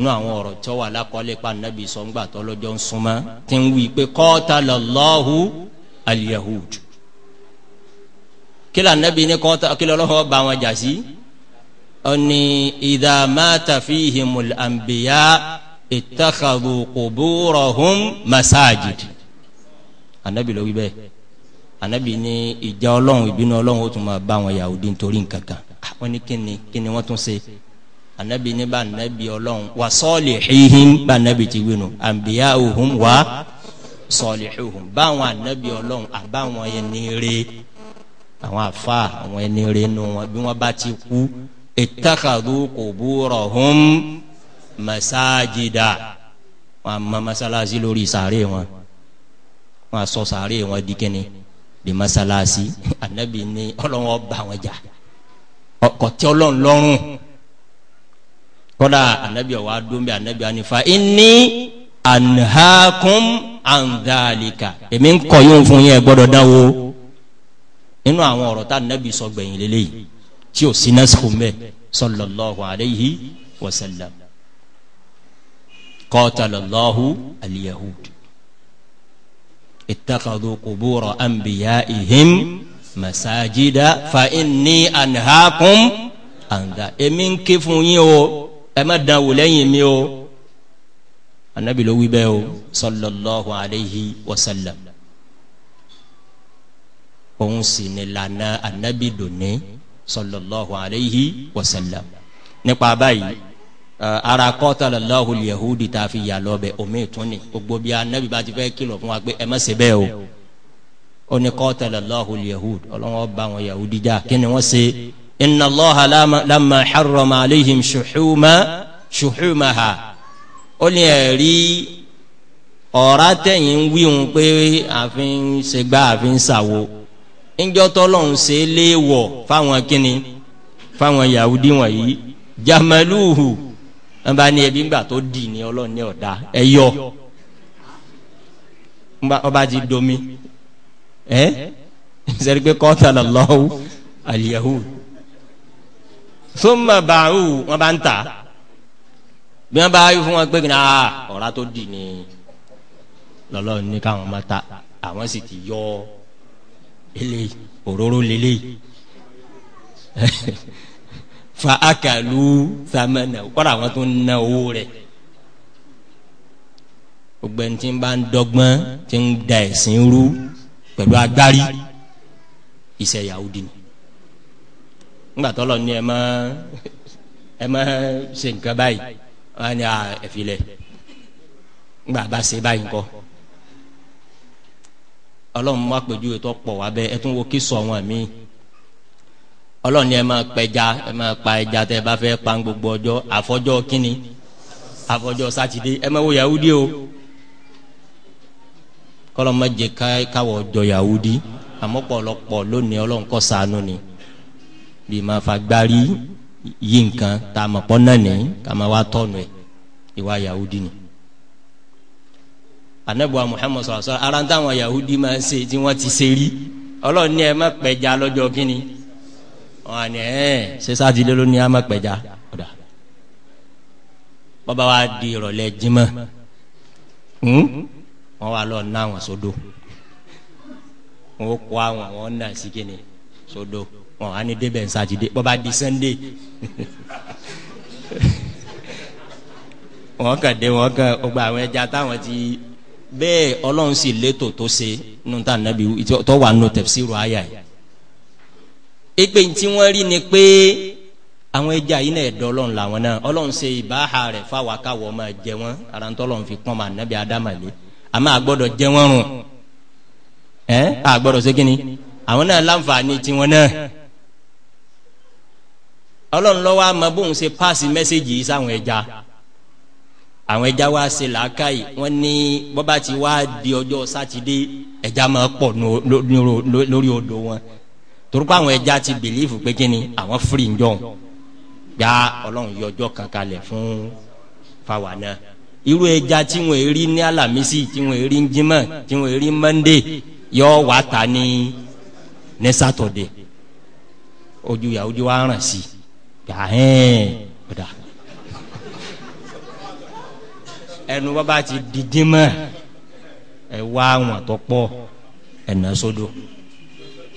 nú àwọn ọ̀rọ̀ tí wọ́n wà lákọ́ọ́lẹ̀ pa anabi sọ ńgbà tó lọ́jọ́ ń súnmọ́ tí ń wí pé qatalallahu al-yahud kí lànàbí ní kọ́ta kí lọ́lọ́wọ́ bá wọn jà sí ọ̀ni idha mata fihimul anbiya ittakhadhu anabi ló wí bẹ́ẹ̀ anabi ní ìjà ọlọ́run ìbínú ọlọ́run ó tún máa bá àwọn yahudi nítorí nǹkan kan ah, wọ́n ní kíni kíni wọ́n tún ṣe anabi ní bá anabi ọlọ́run wà sọ́ọ̀lì hihim bá anabi ti gbinu àǹbíyá òhun wá sọ́ọ̀lì hihum báwọn anabi ọlọ́run àbáwọn ẹni rè àwọn afa àwọn ẹni rè nù wọn bí wọ́n bá ti kú ìtàkàdù quburahum masajida wọn a ma masalasi lórí sàárè wọn wọn a sọ sàárè wọn di kíni di masalasi anabi ni ọlọ́run ọba àwọn jà ọkọ̀ tí ọlọ́run lọ́rùn kọ́dà anabi ọ̀wá dóńbẹ́ anabi anifa inni anhakum andhalika èmi ń kọ́ yóò fún yín ẹ gbọ́dọ̀ dáwó nínú àwọn ọ̀rọ̀ tá anabi sọ gbẹ̀yìn lélẹ́yìí tí ò sí násìkò mẹ́ sallallahu alayhi wa sallam qatalallahu al اتخذوا قبور أنبيائهم مساجد فإني أنهاكم عن ذا إمن كفونيو أما داوليميو النبي لو بيو صلى الله عليه وسلم òun sì ni lànà anabi dòní sallallahu alayhi wa nípa báyìí Eh, ara qatala Allahu al-yahudi tá a fi yà lọ́bẹ̀ omi ìtúni gbogbo bí anabi bá ti fẹ́ kìlọ̀ fún wa pé ẹ má ṣe bẹ́ẹ̀ o ó ní qatala Allahu al-yahud ọlọ́wọ́ bá wọn yahudi já kí ni wọ́n ṣe inna Allaha lamma harrama alayhim shuhuma shuhumaha ó ní ẹ̀rí ọ̀rá tẹ̀yìn wíhun pé àfin ṣègbà àfin ṣàwo ńjọ́ tọ́lọ́hún ṣe léèwọ̀ fáwọn kínni fáwọn yahudi wọ̀nyí jamaluhu wọn bá ní ẹbí ńgbà tó dì ní ọlọ́run ní ọ̀dà ẹ yọ ọba ti domi ẹ sẹ́ni pé kọ́tàlá lọ́wọ́ àlìyàwó sọ́mà bàáwù wọn bá ń tà bí wọn bá yọ fún wọn pé kí ọ̀rá tó dì ní lọ́lọ́run ní káwọn máa ta àwọn sì ti yọ eléyìí òróró lélẹ́yìí. fa akalu samana kọ́ra àwọn tó ń na owó rẹ̀ gbogbo ẹni tí ń bá ń dọ́gbọ́n tí ń da ẹ̀sìn rú pẹ̀lú agbárí iṣẹ́ Yahudi ni ńgbà tọ́lọ̀ ní ẹ má ẹ má ṣe nǹkan báyìí wọ́n á ní ẹ̀fílẹ̀ ńgbà bá ṣe báyìí ńkọ́ ọlọ́run mú àpèjúwe tó pọ̀ wá bẹ́ẹ̀ ẹ wo kí sọ wọn míì ọlọ́run ni ẹ máa pẹja ẹ máa pa ẹja tẹ ẹ bá fẹ́ pa gbogbo ọjọ́ àfọjọ́ kínní àfọjọ́ sátidé ẹ máa wo yahudi o kọlọ́mọ jẹ káwọ́ ọjọ́ yahudi àmọ́ pọ̀lọpọ̀ lónìí ọlọ́run kọ́ sànú ni bí máa fa gbárí yí nǹkan tá a mọ̀ pọ́ náà ní ká máa wá tọ̀nù ẹ̀ ìwà yahudi ni anabuwa muhammad sọ̀rọ̀ sọ̀rọ̀ ara táwọn yahudi máa ń ṣe tí wọ́n ti ṣe rí ọlọ́run ẹ má pẹja lọ́jọ́ kínní wọn ni ẹ ṣe sátidé ló ní ama pẹja ọdà bàbá wa di ìrọ̀lẹ́ jímọ̀ hmm? wọn wà lọ ná àwọn sódò wọn kó àwọn wọn nà sí kíni sódò wọn á ní débẹ̀ ń sátidé bàbá di sànńdé wọn kàn dé wọn kàn ọgbà àwọn ẹja táwọn ti bẹ́ẹ̀ ọlọ́run sì létò tó ṣe nù tá nàbí tó wà nù tafsiru àyà yìí ipe tí wọ́n rí ni pé àwọn ẹja yìí náà ẹ̀dọ́ ọlọ́run làwọn náà ọlọ́run ṣe ìbáhà rẹ̀ fáwọn akáwọ̀ máa jẹ wọ́n ara ń tọ́lọ́run fi pọ́n máa nábì ádámàlé àmọ́ àgbọ́dọ̀ jẹ wọ́n rùn ẹ́ àgbọ́dọ̀ ṣe kíni àwọn náà láǹfààní tiwọn náà ọlọ́run lọ́wọ́ àmọ́ bóun ṣe páàsì mẹ́sẹ́jì yìí sáwọn ẹja àwọn ẹja wa ṣe làákàyè wọ́n ní bọ́bá ti wá di ọjọ́ sátidé ẹja máa pọ̀ lórí odò wọn. no, no, no, no, no, no, no, torúkọ àwọn ẹja ti bìlífù pé kíni àwọn firi njọ gba ọlọ́run yọ ọjọ́ kan kalẹ̀ fún fáwa náà irú ẹja tí wọn èrí ní alamisi tí wọn èrí njimá tí wọn èrí mọ́ndé yọ wàá ta ní ní sátọ̀dé ojú yàwó di wa ràn sí gba hẹ́ẹ́ gbọdọ̀ ẹnu bàbá ti di jimá ẹ wá àwọn àtọ́pọ̀ ẹ̀nà sódò. So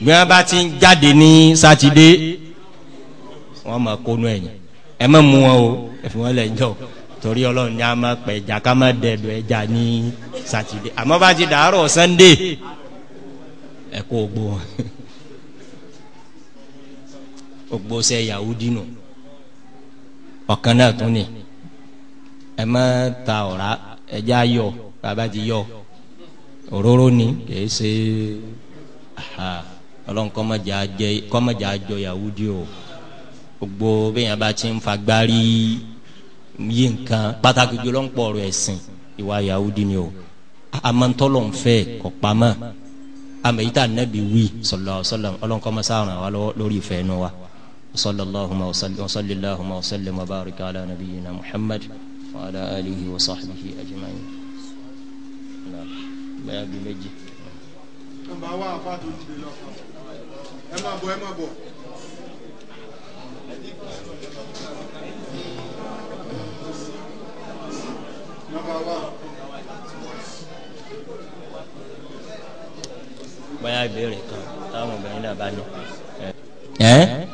bí wọ́n bá ti ń jáde ní sátidé wọ́n máa kónú ẹ̀yìn ẹ má mú wọn o ẹ fi wọn lẹ̀ jọ torí ọlọ́run ní a máa pẹ̀ ẹja ká má dẹ̀dọ̀ ẹja ní sátidé àmọ́ bá ti dàárọ̀ sànńdé ẹ kó gbó wọn gbogbo sẹ yahudi nù ọ̀kan náà tún ni ẹ má ta ọ̀rá ẹja yọ bàbá ti yọ òróró ni kì í ṣe ọlọ́run kọ́mọ̀jà àjọ yahudi o gbogbo bẹ́yàn bá ti ń fagbárí yí nǹkan pàtàkì jùlọ ń pọ̀ ọ̀rọ̀ ẹ̀sìn ìwà yahudi ni o amantọ́lọ̀ ń fẹ́ kọ̀ pamọ́ amẹ̀yítà nẹ́bi wí sallallahu sallam ọlọ́run kọ́mọ̀sá ràn wá lórí ìfẹ́ nu wa sallallahu sallallahu sallam wa barika ala nabiyyina muhammad wa ala alihi wa sahbihi ajma'in. bẹ́ẹ̀ bí méjì. nọ́mbà wa àbá tó ti lè lọ fún wa ẹ máa bọ̀ ẹ máa bọ̀. bóyá ìbéèrè kan táwọn obìnrin náà bá ní. ẹ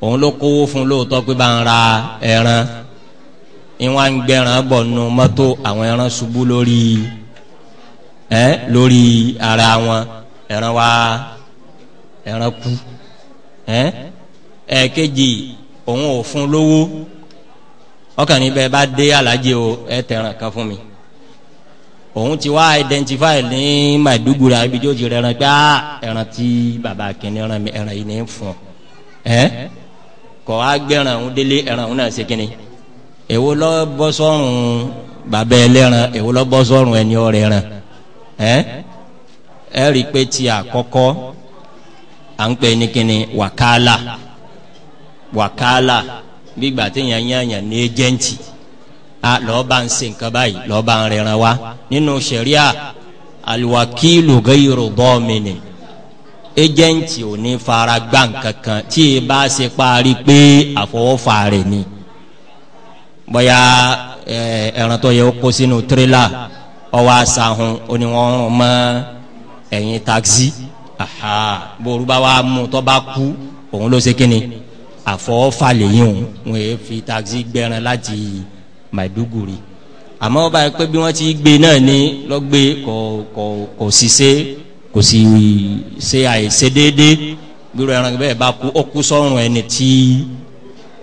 òun ló kówó fún lóòótọ́ pé bá ń ra ẹran ìwọ̀n ń gbẹ̀ràn bọ̀ nù mọ́tò àwọn ẹran ṣubú lórí ara wọn ẹran wa. ẹranku kú ẹ̀ẹ́kejì òun ò fún lówó ọkàn níbẹ̀ bá dé alájẹ o ẹ tẹ̀ràn kan fún mi òun ti wá identify ní Maiduguri ibi tí ó ti rẹran pé ah, ẹran tí baba kìnìún ẹran mi ẹran yìí ní fún ọ ẹ kọ wá gbẹran òun délé ẹran òun náà ṣe kínní èwo lọ bọ́ sọ́run baba ẹlẹ́ran èwo lọ ẹni ẹ rí i pé ti àkọ́kọ́. à ń pè ní kíni wàkálà wàkálà gbígbà téèyàn yányàn ní ejẹ́ǹtì a lọ́ọ́ bá ń ṣe nǹkan báyìí lọ́ọ́ bá ń rẹran wa nínú sẹ̀ríà alwakilu gayru dọ́mìnì ejẹ́ǹtì ò ní fara gbá nǹkan kan tí e bá ṣe parí pé àfọwọ́fà rẹ̀ ni bóyá ẹran tó yẹ kó sínú tirẹ́là ọwọ́ àṣà hun ó ní wọ́n mọ ẹ̀yìn táksì bòrú wa mú tọ́ bá kú òun ló ṣe kíni àfọwọ́fà lèyìn òun wọn yéé fi taxi gbẹran láti Maiduguri àmọ́ ọba yẹn pé bí wọ́n ti gbé náà ni lọ́gbé kò kò kò sì ṣe kò sì ṣe àìṣe déédé gbúrò ẹran bẹ́ẹ̀ bá kú ó kú sọ́run ẹni tí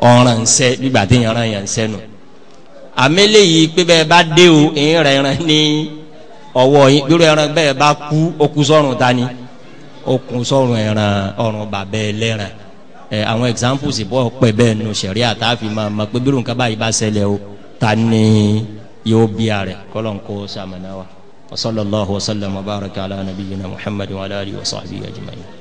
ọ̀ràn ń sẹ́ nígbà tí ìyàrá yẹn ń sẹ́nu àmẹ́lẹ́ yìí pé bẹ́ẹ̀ bá dé o ìyẹn ẹran ní ọwọ́ yìí gbúrò ẹran bẹ́ẹ̀ bá kú ó kú sọ́run ta okùn sọ̀rùn ẹran ọrùn bàbẹ ẹlẹ́ran ẹ àwọn examples bọ pẹ bẹ́ẹ̀ nu sẹrí àtàfi máa mọ pé bí nǹkan báyìí bá ṣẹlẹ̀ o ta ni yóò bí a rẹ kọlọ ń sàmìnà wa wa wa sallam wa baraka ala nabiyyina muhammadu wa ala wa sahbihi